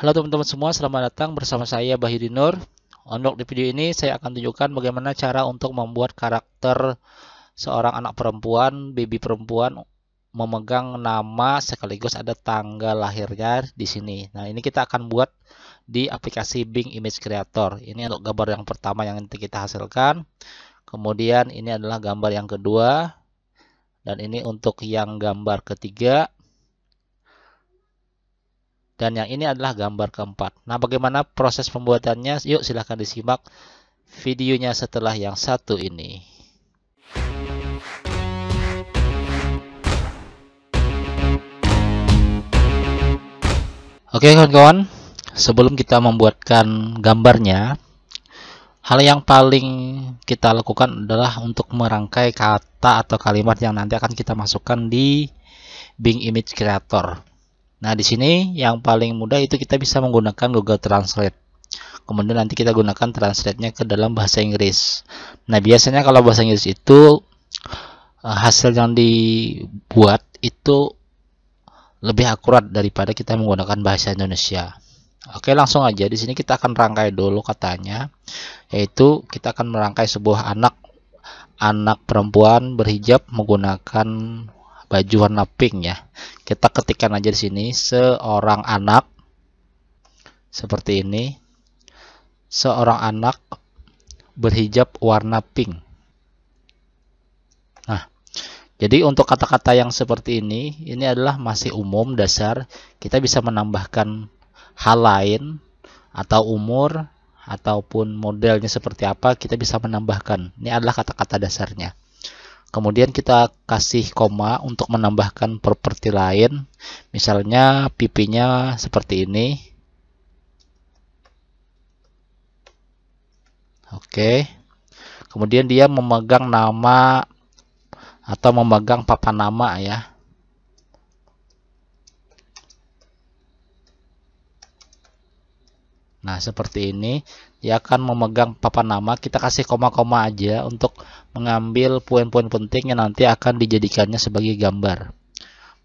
Halo teman-teman semua, selamat datang bersama saya Bahiri Nur. Untuk di video ini saya akan tunjukkan bagaimana cara untuk membuat karakter seorang anak perempuan, baby perempuan memegang nama sekaligus ada tanggal lahirnya di sini. Nah, ini kita akan buat di aplikasi Bing Image Creator. Ini untuk gambar yang pertama yang nanti kita hasilkan. Kemudian ini adalah gambar yang kedua dan ini untuk yang gambar ketiga dan yang ini adalah gambar keempat. Nah, bagaimana proses pembuatannya? Yuk, silahkan disimak videonya setelah yang satu ini. Oke, kawan-kawan. Sebelum kita membuatkan gambarnya, hal yang paling kita lakukan adalah untuk merangkai kata atau kalimat yang nanti akan kita masukkan di Bing Image Creator. Nah, di sini yang paling mudah itu kita bisa menggunakan Google Translate. Kemudian nanti kita gunakan translate-nya ke dalam bahasa Inggris. Nah, biasanya kalau bahasa Inggris itu eh, hasil yang dibuat itu lebih akurat daripada kita menggunakan bahasa Indonesia. Oke, langsung aja di sini kita akan rangkai dulu katanya, yaitu kita akan merangkai sebuah anak anak perempuan berhijab menggunakan baju warna pink ya. Kita ketikkan aja di sini seorang anak seperti ini. Seorang anak berhijab warna pink. Nah, jadi untuk kata-kata yang seperti ini, ini adalah masih umum dasar. Kita bisa menambahkan hal lain atau umur ataupun modelnya seperti apa kita bisa menambahkan. Ini adalah kata-kata dasarnya. Kemudian kita kasih koma untuk menambahkan properti lain. Misalnya pipinya seperti ini. Oke. Kemudian dia memegang nama atau memegang papan nama ya. Nah, seperti ini ya akan memegang papan nama kita kasih koma-koma aja untuk mengambil poin-poin penting yang nanti akan dijadikannya sebagai gambar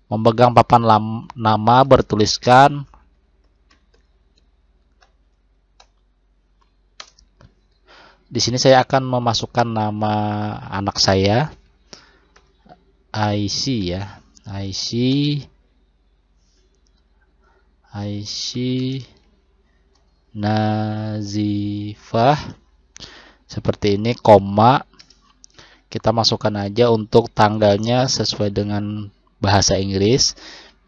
memegang papan nama bertuliskan di sini saya akan memasukkan nama anak saya IC ya IC IC nazifah seperti ini koma kita masukkan aja untuk tanggalnya sesuai dengan bahasa Inggris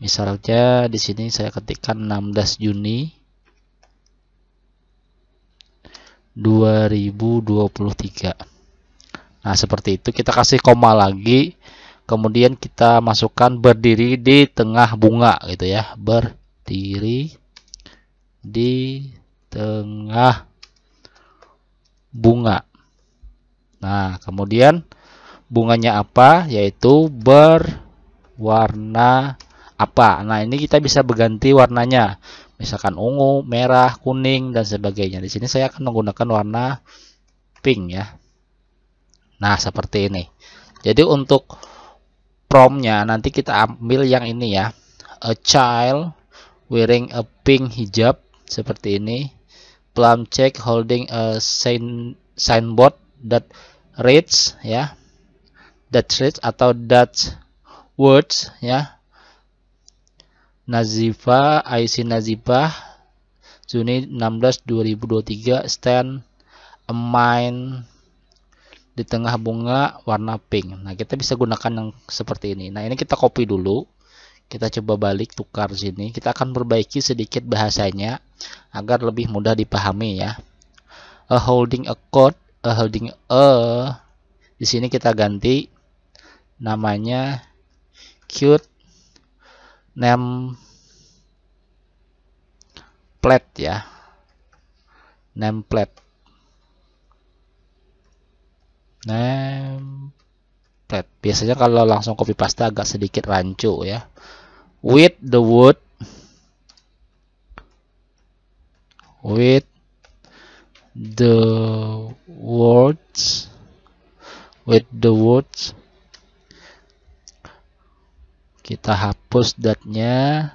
misalnya di sini saya ketikkan 16 Juni 2023 nah seperti itu kita kasih koma lagi kemudian kita masukkan berdiri di tengah bunga gitu ya berdiri di tengah bunga. Nah, kemudian bunganya apa? Yaitu berwarna apa. Nah, ini kita bisa berganti warnanya. Misalkan ungu, merah, kuning, dan sebagainya. Di sini saya akan menggunakan warna pink ya. Nah, seperti ini. Jadi untuk promnya nanti kita ambil yang ini ya. A child wearing a pink hijab seperti ini plum check holding a sign signboard that reads ya that reads atau that words ya Nazifa IC Nazifa Juni 16 2023 stand a mine di tengah bunga warna pink nah kita bisa gunakan yang seperti ini nah ini kita copy dulu kita coba balik tukar sini kita akan perbaiki sedikit bahasanya agar lebih mudah dipahami ya a holding a code a holding a di sini kita ganti namanya cute name plate ya name plate name plate Biasanya kalau langsung copy paste agak sedikit rancu ya with the wood with the words with the words kita hapus datnya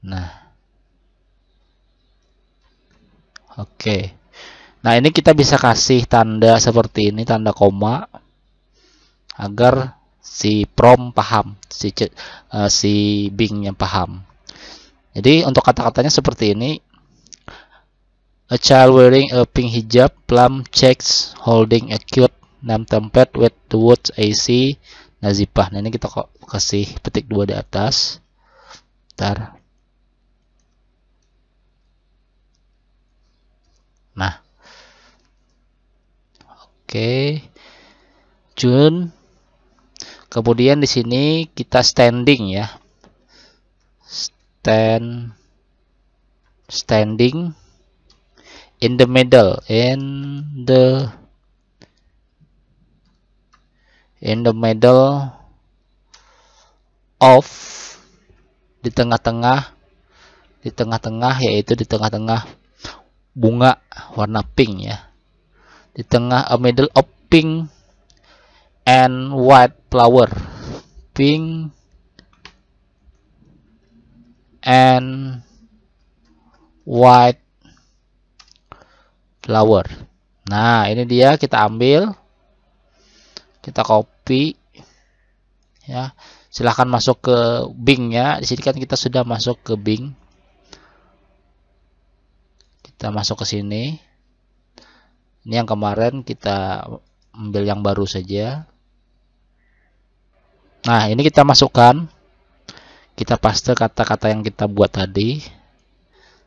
nah oke okay. nah ini kita bisa kasih tanda seperti ini tanda koma agar si prom paham, si uh, si Bing yang paham. Jadi untuk kata-katanya seperti ini. A child wearing a pink hijab, plum checks, holding a cute nam template with the words AC Nazipah. Nah ini kita kok kasih petik dua di atas. Ntar. Nah. Oke. Okay. June Kemudian di sini kita standing ya. Stand standing in the middle in the in the middle of di tengah-tengah di tengah-tengah yaitu di tengah-tengah bunga warna pink ya di tengah a uh, middle of pink and white flower pink and white flower nah ini dia kita ambil kita copy ya silahkan masuk ke Bing ya di sini kan kita sudah masuk ke Bing kita masuk ke sini ini yang kemarin kita ambil yang baru saja Nah, ini kita masukkan. Kita paste kata-kata yang kita buat tadi.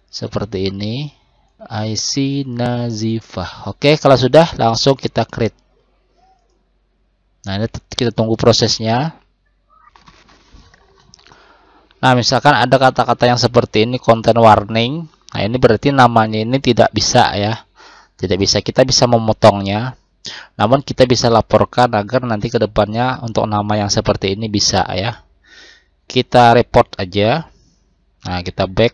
Seperti ini. IC Nazifah. Oke, kalau sudah langsung kita create. Nah, ini kita tunggu prosesnya. Nah, misalkan ada kata-kata yang seperti ini content warning. Nah, ini berarti namanya ini tidak bisa ya. Tidak bisa kita bisa memotongnya namun kita bisa laporkan agar nanti ke depannya untuk nama yang seperti ini bisa ya. Kita report aja. Nah, kita back.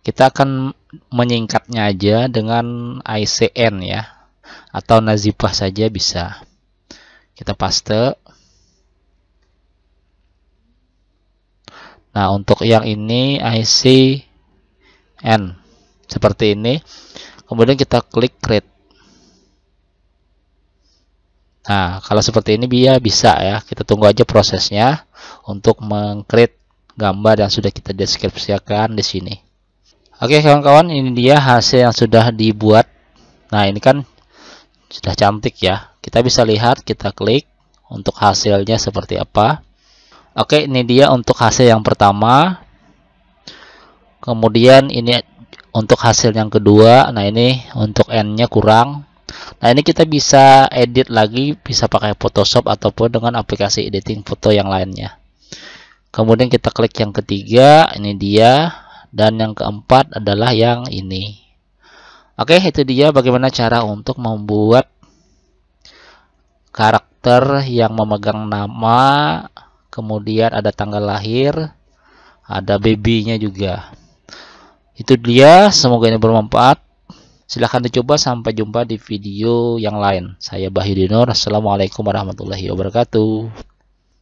Kita akan menyingkatnya aja dengan ICN ya. Atau Nazifah saja bisa. Kita paste. Nah, untuk yang ini ICN seperti ini. Kemudian kita klik create Nah, kalau seperti ini dia bisa ya. Kita tunggu aja prosesnya untuk mengcreate gambar yang sudah kita deskripsikan di sini. Oke, kawan-kawan, ini dia hasil yang sudah dibuat. Nah, ini kan sudah cantik ya. Kita bisa lihat, kita klik untuk hasilnya seperti apa. Oke, ini dia untuk hasil yang pertama. Kemudian ini untuk hasil yang kedua. Nah, ini untuk n-nya kurang Nah ini kita bisa edit lagi, bisa pakai Photoshop ataupun dengan aplikasi editing foto yang lainnya. Kemudian kita klik yang ketiga, ini dia. Dan yang keempat adalah yang ini. Oke, itu dia bagaimana cara untuk membuat karakter yang memegang nama, kemudian ada tanggal lahir, ada babynya juga. Itu dia, semoga ini bermanfaat. Silahkan dicoba. Sampai jumpa di video yang lain. Saya Bahidinur. Assalamualaikum warahmatullahi wabarakatuh.